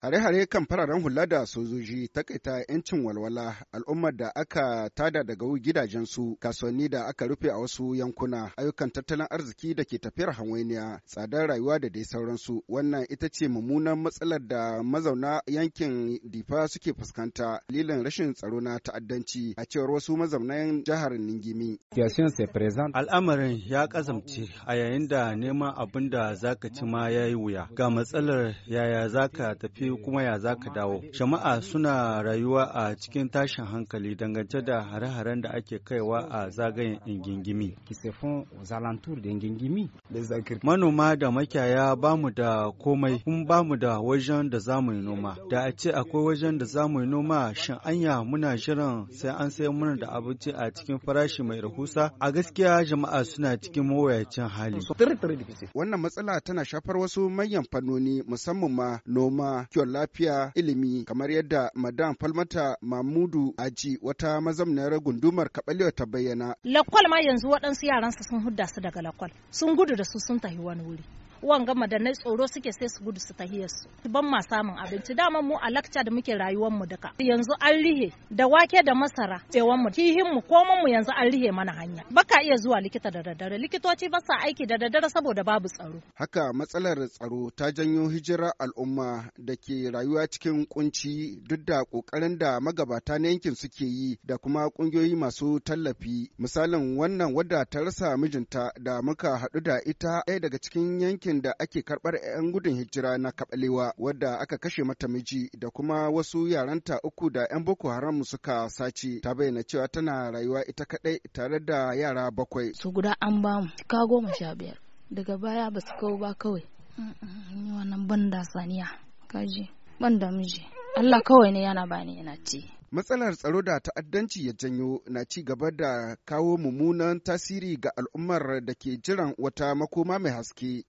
Hare-hare kan fararen hula da sojoji takaita 'yancin walwala al'ummar da aka tada daga gidajensu kasuwanni da aka rufe a wasu yankuna ayyukan tattalin arziki da ke tafiyar hawainiya tsadar rayuwa da dai sauransu wannan ita ce mummunan matsalar da mazauna yankin difa suke fuskanta dalilin rashin tsaro na ta'addanci a cewar wasu mazaunan jihar ningimi. al'amarin ya kazamce a yayin da neman abin da zaka ci ma ya yi wuya ga matsalar yaya zaka tafi sai eh, kuma ya za ka dawo jama'a suna eh. rayuwa a cikin tashin hankali dangance da hare-haren da ake kaiwa a zagayen ingingimi manoma da makiyaya ba mu da komai kuma ba mu da wajen da za mu yi noma da a ce akwai wajen da za mu yi noma shin anya muna shirin sai an sayar mana da abinci a cikin farashi mai rahusa a gaskiya jama'a suna cikin mawuyacin hali wannan matsala tana shafar wasu manyan fannoni musamman ma noma kiwon lafiya ilimi kamar yadda madam falmata mamudu aji wata mazamnayar gundumar kabalewa ta bayyana lakwal ma yanzu waɗansu yaransa sun hudda su daga lakwal sun gudu da su sun tafi wani wuri gama da na tsoro suke sai su gudu su tahiyar su ban ma samun abinci dama mu a lakca da muke rayuwar mu duka yanzu an rihe da wake da masara cewan mu kihin mu mun mu yanzu an rihe mana hanya baka iya zuwa likita da daddare likitoci ba sa aiki da daddare saboda babu tsaro haka matsalar tsaro ta janyo hijira al'umma da ke rayuwa cikin kunci duk da kokarin da magabata na yankin suke yi da kuma kungiyoyi masu tallafi misalin wannan wadda ta rasa mijinta da muka haɗu da ita ɗaya daga cikin yankin yankin da ake karbar 'yan gudun hijira na kabalewa wadda aka kashe mata miji da kuma wasu yaranta uku da 'yan Boko Haram suka sace ta bayyana cewa tana rayuwa ita kaɗai tare da yara bakwai. Su guda an ba mu ka goma sha biyar daga baya ba su kawo ba kawai. Wannan ban saniya kaji ban miji Allah kawai ne yana bani yana ci. matsalar tsaro da ta'addanci ya janyo na ci gaba da kawo mummunan tasiri ga al'ummar da ke jiran wata makoma mai haske